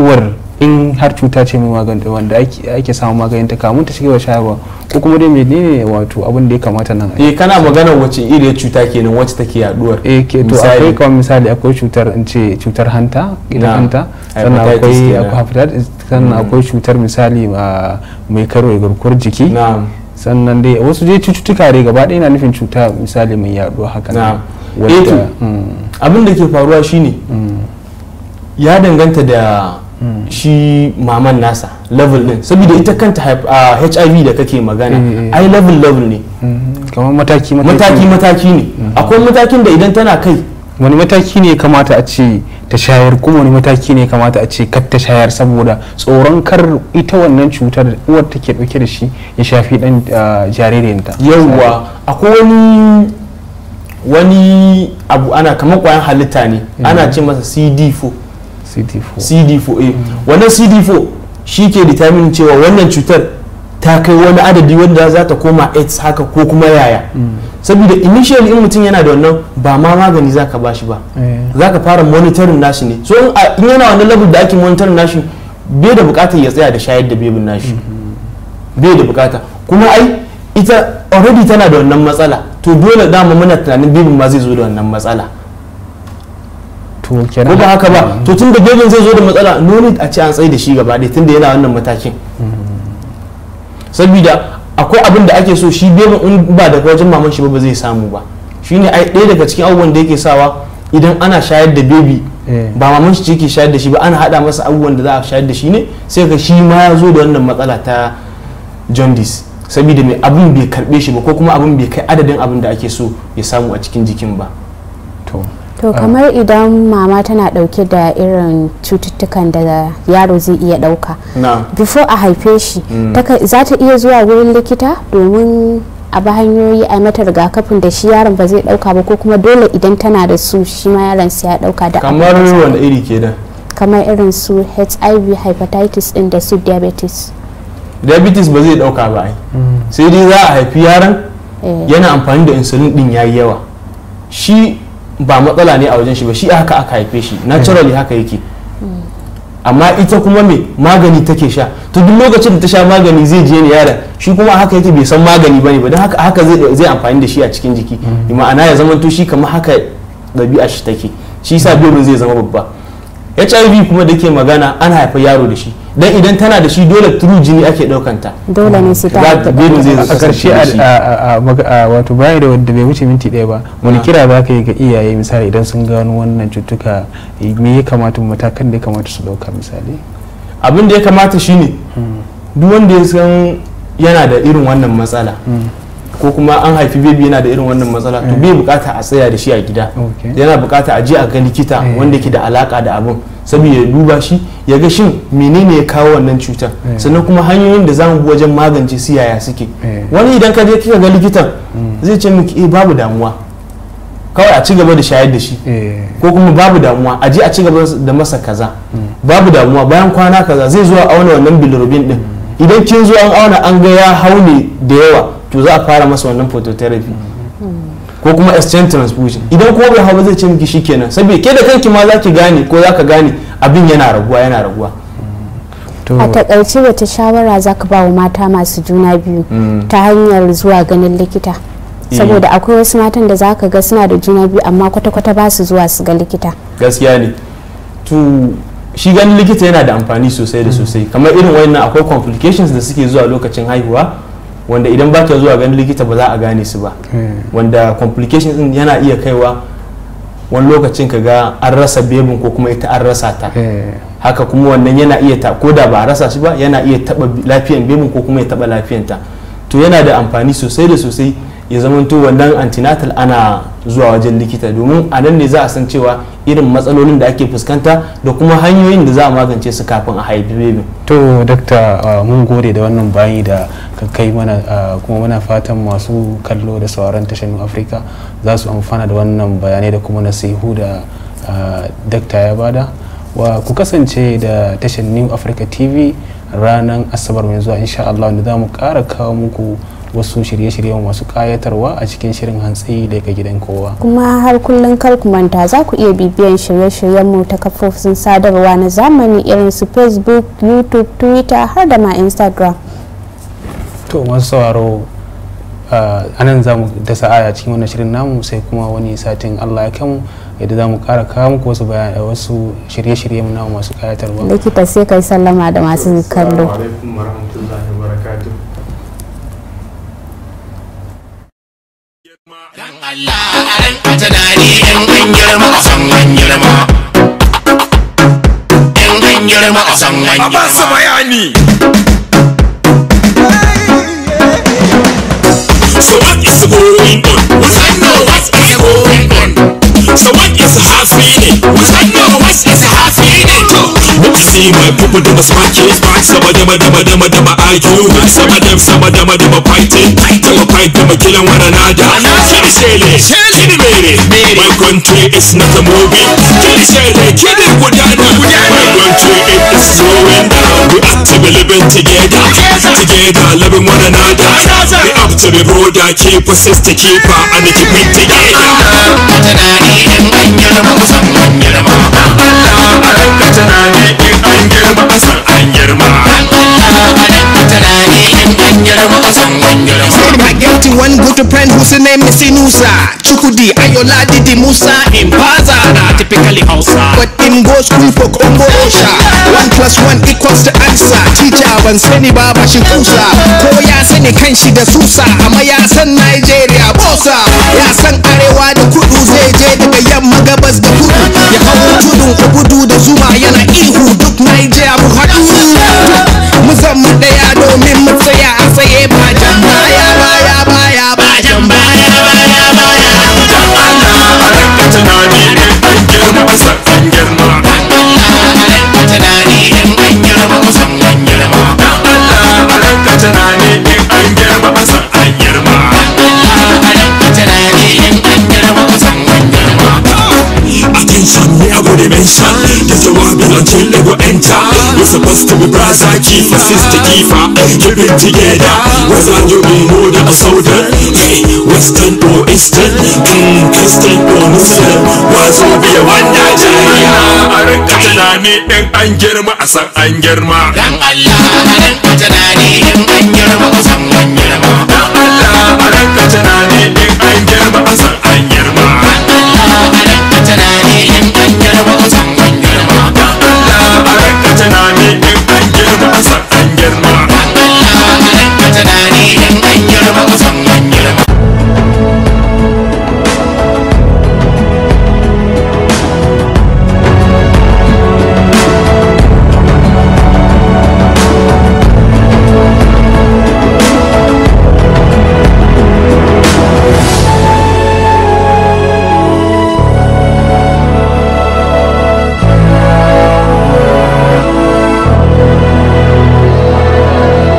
uwar in har cuta ce mai wanda ake samu maganin ta kamun ta cigaba shayarwa ko kuma dai mai ne wato abin da ya kamata nan eh kana maganar wace iriyar cuta ke nan wacce take yaduwar eh ke to akwai kamar misali akwai cutar in ce cutar hanta ita hanta sannan akwai hepatitis sannan hmm. akwai cutar misali ah, mai karwai garkuwar jiki sannan dai wasu dai cututtuka dai gaba ɗaya na nufin cuta misali mai yaduwa haka na eh, hmm. abin da ke faruwa shine hmm. ya danganta da shi maman nasa level din saboda ita kanta hiv ah, da kake magana mm, mm, mm. ai level level ne mm-hmm. kamar mataki mataki mataki ne mm-hmm. akwai matakin da idan tana kai wani mataki ne kamata a ce ta shayar kuma wani mataki ne kamata a ce kar ta shayar saboda tsoron kar ita wannan cutar uwar take dauke da shi ya shafi dan ah, jaririnta yawwa akwai wani wani abu ana kamar kwayan halitta ne mm-hmm. ana ce masa cd4 cd4 cd4 eh wannan cd4 shi ke determine cewa wannan cutar ta kai wani adadi wanda za ta koma aids haka ko kuma yaya mm. saboda initially in mutum yana da wannan ba ma magani za ka ba shi ba eh. za ka fara monitoring nashi ne so in yana wannan level da ake monitoring nashi bai da bukatar ya tsaya da shayar da bebin nashi mm-hmm. bai da bukata kuma ai ita already tana da wannan matsala to dole dama muna tunanin bebin ma zai zo da wannan matsala to ba haka ba mm. to tun da gejin zai zo da matsala noni a ce an tsaye da shi gaba da tun da yana wannan matakin mm. saboda akwai abin da ake so shi bebin in ba da wajen maman shi ba zai samu ba shine ai ɗaya daga cikin abubuwan da yake sawa idan ana shayar da bebi eh. ba maman shi ke shayar da shi ba ana hada masa abubuwan da za a shayar da shi ne sai ka shi ma ya zo da wannan matsala ta jaundice saboda mai abin bai karbe shi ba ko kuma abin bai kai adadin abin da ake so ya samu a cikin jikin ba to kamar idan mama tana dauke da irin cututtukan da yaro zai iya dauka before a haife shi mm. za ta iya zuwa wurin likita domin a ba hanyoyi a mata rigakafin da shi yaron ba zai dauka ba ko kuma dole idan tana da su shi ma yaron sai ya dauka da kamar wani iri ke da. kamar irin su hiv hepatitis din da su diabetes diabetes ba zai dauka ba ai mm. sai dai za a haifi yaron eh. yana amfani da insulin din yayi yawa shi ba matsala ne a wajen shi ba shi haka aka haife shi naturally haka yake amma ita kuma me magani take sha to duk lokacin da ta sha magani zai je ne yaron shi kuma haka yake bai san magani bane ba don haka zai amfani da shi a cikin jiki mm. ma'ana ya zama to shi kamar haka ɗabi'a shi take shi sa birin zai zama babba hiv kuma da ke magana ana haifa yaro da shi dan idan tana da shi dole turu jini ake daukanta dole ne su ta a karshe a wato bayan da wanda bai wuce minti daya ba wani ah. kira ba ka yi ga iyaye misali idan sun gano wannan cutuka me ya kamata matakan da ya kamata su dauka misali abin da ya kamata shine hmm. duk wanda ya san yana da irin wannan matsala hmm. ko kuma an haifi bebi yana da irin wannan matsala to bai eh. bukata a tsaya da shi a gida yana bukata a je a ga likita eh. wanda ke da alaka da abin saboda ya duba shi ya ga shin menene ya kawo wannan cutar eh. sannan kuma hanyoyin da zamu bi wajen magance su yaya suke wani idan ka je kika ga likitan hmm. zai ce miki eh babu damuwa kawai a ci gaba da shayar da shi ko kuma babu damuwa a je a ci gaba da masa kaza hmm. babu damuwa bayan kwana kaza zai zuwa auna wannan bilirubin din hmm. idan kin zo an auna an ga ya haune da yawa to za a fara masa wannan phototherapy ko kuma exchange transfusion idan ko bai hawa zai ce miki kenan saboda ke da kanki ma za ki gane ko za ka gane abin yana raguwa yana raguwa a takaice wata shawara za ka ba wa mata masu juna biyu mm. ta hanyar zuwa ganin likita eh. saboda akwai wasu matan da za ka ga suna da juna biyu amma kwata-kwata ba su zuwa su ga likita gaskiya ne to shi ganin likita yana da amfani sosai da sosai kamar irin wannan akwai complications da suke zuwa lokacin haihuwa wanda idan ba ta zuwa ganin likita ba za a gane su ba eh. wanda complications din yana iya kaiwa wani lokacin ka ga an rasa bebin ko kuma ita an rasa ta eh. haka kuma wannan yana iya ta ko da ba a rasa shi ba yana iya taba lafiyan bebin ko kuma ya taba lafiyan ta to yana da amfani sosai da sosai ya zamanto wannan antinatal ana zuwa wajen likita domin a nan ne za a san cewa irin matsalolin da ake fuskanta da kuma hanyoyin da za a magance su kafin a haifi bebe to dakta mun gode da wannan bayani da ka kai mana kuma muna fatan masu kallo da sauran tashar afirka za su amfana da wannan bayanai da kuma nasihu da dakta ya bada wa ku kasance da tashar new africa tv ranan asabar mai zuwa insha Allah da za mu kara kawo muku wasu shirye-shirye masu kayatarwa a cikin shirin hantsi daga gidan kowa. Kuma har kullum kar ku manta za ku iya bibiyan shirye shiryen mu ta kafofin sadarwa na zamani irin su Facebook, YouTube, Twitter har da ma Instagram. To masu sauraro a nan za mu da sa'a cikin wannan shirin namu sai kuma wani satin Allah ya kamu yadda za mu kara kawo muku wasu bayanai wasu shirye-shirye mu namu masu kayatarwa. Likita sai kai sallama da masu kallo. So what is going on? We don't know what is going on. So what is happening? We don't know. see my people do a spanking Some of them dama dama dama argue Some of them some of them dama fighting Dama fight dama killing one another Kitty Shele, Kitty My country is not a movie Kitty Shele, Kitty Gudana My country it is slowing down We have to be living together Together loving one another We have to be brother keep us is to keep our and keep it together Tunani in manyar ma kusan I get to one good friend whose name is Sinusa Chukudi Ayola Didi Musa Impaza Typically Hausa But him go school for Kongo Osha One plus one equals the answer Teacher ban sani baba ba shi kusa Ko ya kan da susa Amma ya san Nigeria bosa Ya san arewa da kudu zai je daga yamma gabas da kudu Ya hau tudun ubudu da zuma yana ihu duk Nigeria mu haɗu Mu ɗaya supposed to be brass brother keeper, sister keeper, keeping together. Whether you be northern or southern, hey, western or eastern, mm, Christian or Muslim, wasu biya be jariya. A rinka tunani in an girma a san an girma. Dan Allah a rinka tunani in eh, an girma a san